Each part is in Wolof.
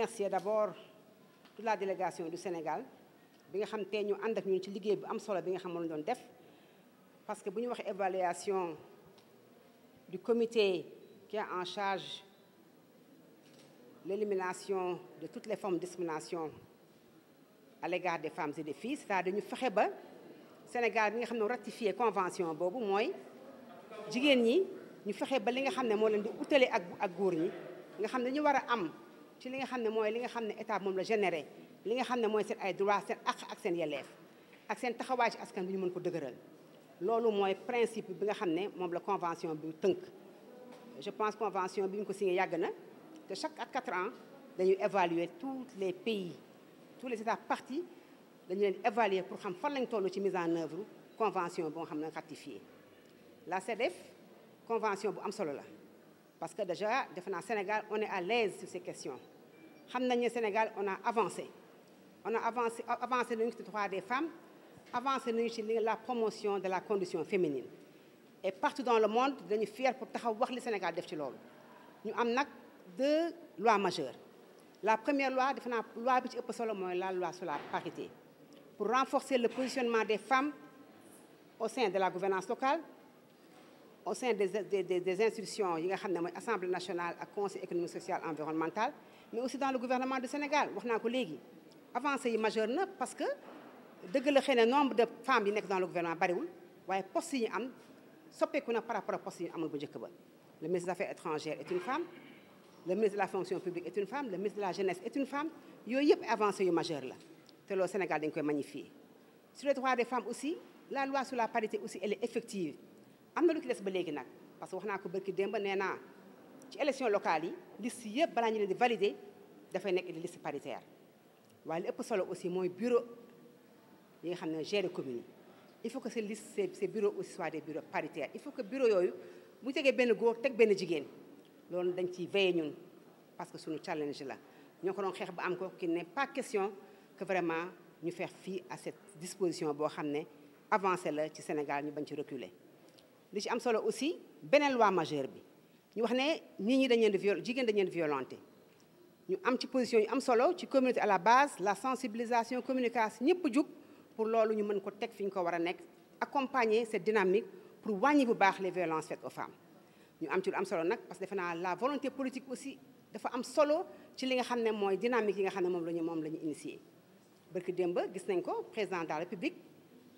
remercier d'abord la délégation du Sénégal bi nga xam tey ñu ànd ak ñun ci liggéey bi am solo bi nga xam moom doon def parce que bu ñu wax évaluation du comité qui est en charge l'élimination de toutes les formes de discrimination à l'égard des femmes et des filles c'est-à-dire ñu fexe ba Sénégal bi nga xam ne ratifié convention boobu mooy jigéen ñi ñu fexe ba li nga xam ne moo leen di utale ak ak ñi nga xam ne dañu war a am ci li nga xam ne mooy li nga xam ne état moom la généré li nga xam ne mooy seen ay droit seen àq ak seen yelleef ak seen taxawaay ci askan bi ñu mën ko dëgëral loolu mooy principe bi nga xam ne moom la convention bi tënk je pense convention bi ñu ko signé yàgg na te chaque ak quatre ans dañu évaluer tous les pays tous les états partis dañu leen évaluer pour xam fan lañ toll ci mise en œuvre convention boo xam ne ratifié la CEDEF convention bu am solo la parce que déjà defe Sénégal on est à l'aise sur ces questions xam nañ ne Sénégal on a avancé on a avancé avancé nañu ci des femmes avancé nañu ci la promotion de la condition féminine et partout dans le monde dañu fier pour taxaw wax li Sénégal def ci loolu ñu am nag deux lois majeures la première loi de naa loi bi ci ëpp solo mooy la loi sur la parité pour renforcer le positionnement des femmes au sein de la gouvernance locale au sein des des des institutions yi nga xam ne mooy assemblée nationale ak conseil économique social environnemental mais aussi dans le gouvernement du Sénégal wax naa ko yi majeur na parce que dëgg la xëy na nombre de femmes yi nekk dans le gouvernement bariwul waaye postes yi ñu am na par rapport ak postes yi ñu amul bu njëkk ba le ministre des affaires étrangères est une femme le ministre de la fonction publique est une femme le ministre de la jeunesse est aussi la am na lu ci des ba léegi nag parce que wax naa ko bërki démb nee naa ci élection locale yi liste yëpp balaa ñu leen di valider dafay nekk di liste paritaire waaye li ëpp solo aussi mooy bureau yi nga xam ne gérer commune yi il faut que ces listes ces bureaux aussi soient des bureaux paritaires il faut que bureau yooyu bu tegee benn góor teg benn jigéen loolu dañ ciy veiller ñun parce que suñu challenge la ñoo ko doon xeex ba am ko qu'il n'est pas question que vraiment ñu feex fii à disposition boo xam ne avancé la ci Sénégal ñu bañ ci reculer li ci am solo aussi beneen loi majeure bi ñu wax ne nit ñi dañu leen di jigéen dañu leen di violenté ñu am ci position yu am solo ci communauté à la base la sensibilisation communication ñëpp jug pour loolu ñu mën ko teg fi ñu ko war a nekk accompagner cette dynamique pour wàññi bu baax les violences faites aux femmes ñu am ci lu am solo nag parce que defe naa la volonté politique aussi dafa am solo ci li nga xam ne mooy dynamique yi nga xam ne moom la ñu moom la ñu initié barki démb gis nañ ko président de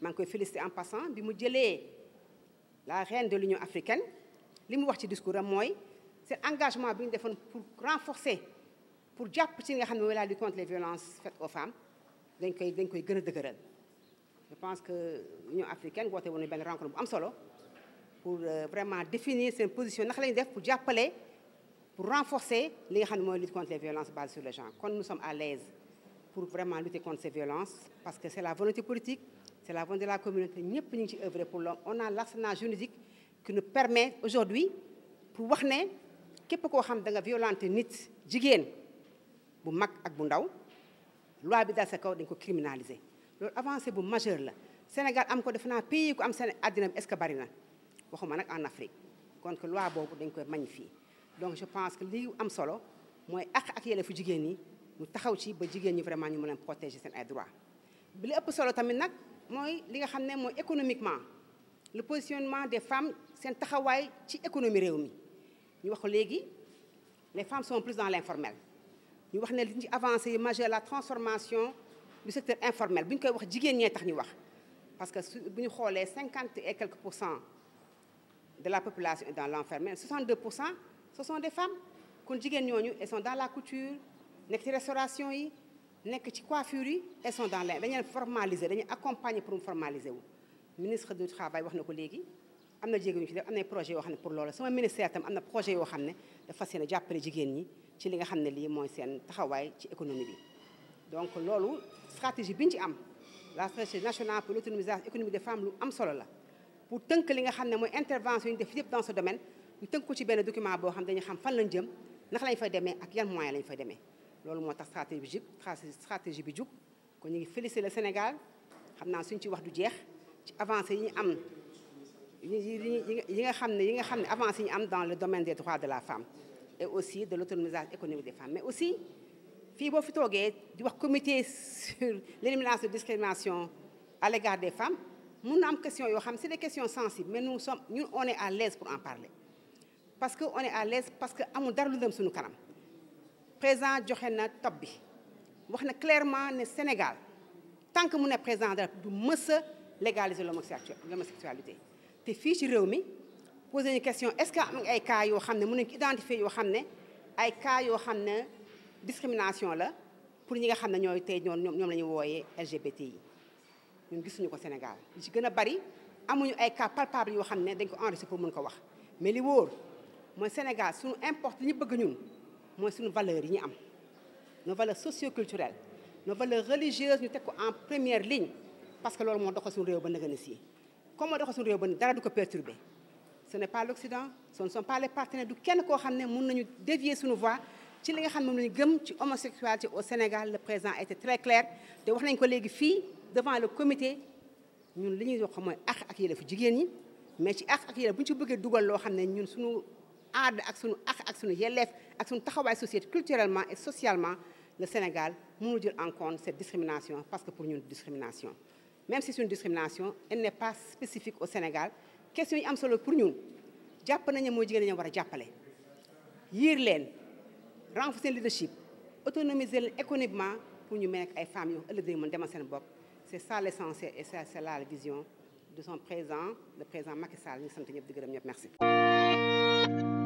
maa ngi koy félicité en passant bi mu jëlee la reine de l'Union africaine li mu wax ci discours am mooy seen engagement bi ñu defoon pour renforcer pour jàpp ci li nga xam ne mooy la lutte contre les violences faites aux femmes dañ koy dañ koy gën a dëgëral je pense que l'Union africaine woote woon benn rencontre bu am solo pour euh, vraiment définir seen position naka la ñu def pour jàppale pour renforcer li nga xam ne mooy lutte contre les violences basées sur les genre kon nous sommes à l'aise pour vraiment lutter ces violences parce que c'est la volonté la communauté ñëpp ñu ngi ci œuvrer pour l'homme on a l'arsenal juridique qui nous permet aujourd'hui pour wax ne képp koo xam da nga violenter nit jigéen bu mag ak bu ndaw loi bi dal sa kaw dañ ko criminaliser loolu avancée bu majeure la Sénégal am ko defe naa pays ku am seen àddina bi est-ce bari na waxuma nag en Afrique kon que loi boobu dañ koy fii donc je pense que lii am solo mooy ak ak fu jigéen ñi mu taxaw ci ba jigéen ñi vraiment ñu mën a protéger seen ay droits mooy li nga xam ne mooy économiquement le positionnement des femmes seen taxawaay ci économie réew mi ñu wax ko léegi les femmes son plus dans l'informel ñu wax ne li ñu avancer majeure la transformation du secteur informel bu ñu koy wax jigéen ñee tax ñu wax parce que bu ñu xoolee cinquante et pour cent de la population est dans l'informel 62 pour cent ce sont des femmes kon jigéen ñooñu elles dans la couture nekk ci restauration yi nekk ci coiffure yi elles sont dans la dañu leen formaliser dañu accompagner pour mu formaliser wu. ministre du travail wax na ko léegi am na jéego ñu ci def am projet yoo xam ne pour loolu sama ministère tam am na projet yoo xam ne dafa seen a jàppale jigéen ñi ci li nga xam ne lii mooy seen taxawaay ci économie bi. donc loolu stratégie bi ñu ci am la stratégie nationale pour l'autonomisation économique de femmes lu am solo la pour tënk li nga xam ne mooy intervention yi def yëpp dans ce domaine ko ci benn document boo xam dañu xam fan lañ jëm naka lañ fay demee ak yan moyens lañ fay demee. loolu moo tax stratégie bi jub stratégie bi jub kon ñu ngi félicité le Sénégal xam naa suñ ci wax du jeex ci avancé yi ñu am yi nga xam ne yi nga xam ne avancé yi ñu am dans le domaine des droits de la femme et aussi de l'autonomisation économique des femmes mais aussi fii boo fi toogee di wax comité sur l'élimination de discrimination à l'égard des femmes mun na question yoo xam c'est des questions sensibles mais nous sommes ñun on est à l'aise pour en parler parce que on à l'aise parce que amul dara dem suñu kanam président joxe na top bi wax na clairement ne Sénégal tant que mu ne président de du mës a légaliser l'homosexualité te fii ci réew mi posé nañu question est-ce que am nga ay cas yoo xam ne mën nañu ko identifier yoo xam ne ay cas yoo xam ne discrimination la pour ñi nga xam ne ñooy tey ñoom ñoom la ñu wooyee LGBTI ñun gisuñu ko Sénégal li ci gën a bari amuñu ay cas palpable yoo xam ne dañ ko enregistré pour mën ko wax mais li wóor mooy Sénégal suñu importe li bëgg ñun mooy suñu valeurs yi ñu am nos valeurs socioculturelles nos valeurs religieuses ñu teg ko en première ligne parce que loolu moo doxal suñu réew ba nëgën si comme moo doxal suñu réew ba dara du ko perturber ce n'est pas l'Occident ce ne sont pas les partenaires du kenn koo xam ne mun nañu dévier suñu voie ci li nga xam ne moom lañu gëm ci homosexualité au Sénégal le président était très clair te wax nañ ko léegi fii devant comité ñun li ñuy wax mooy àq ak yelleefu jigéen ñi mais ci àq ak yelleef bu ci bëggee dugal loo xam ne ñun suñu aada ak suñu àq ak suñu yelleef ak suñu taxawaay société culturellement et socialement le Sénégal mënul jël en compte cette discrimination parce que pour ñun discrimination même si c'est une discrimination elle n'est pas spécifique au Sénégal question yi am solo pour ñu jàpp nañu mooy jigéen ñi war a jàppale yiir leen renforcer seen leadership autonomiser leen économiquement pour ñu mel nekk ay femmes yoo ëllëg mën demal seen bopp c'est ça l'essentiel et c'est là la vision de son président le président ma Sall ñu sant ñëpp di gërëm ñëpp merci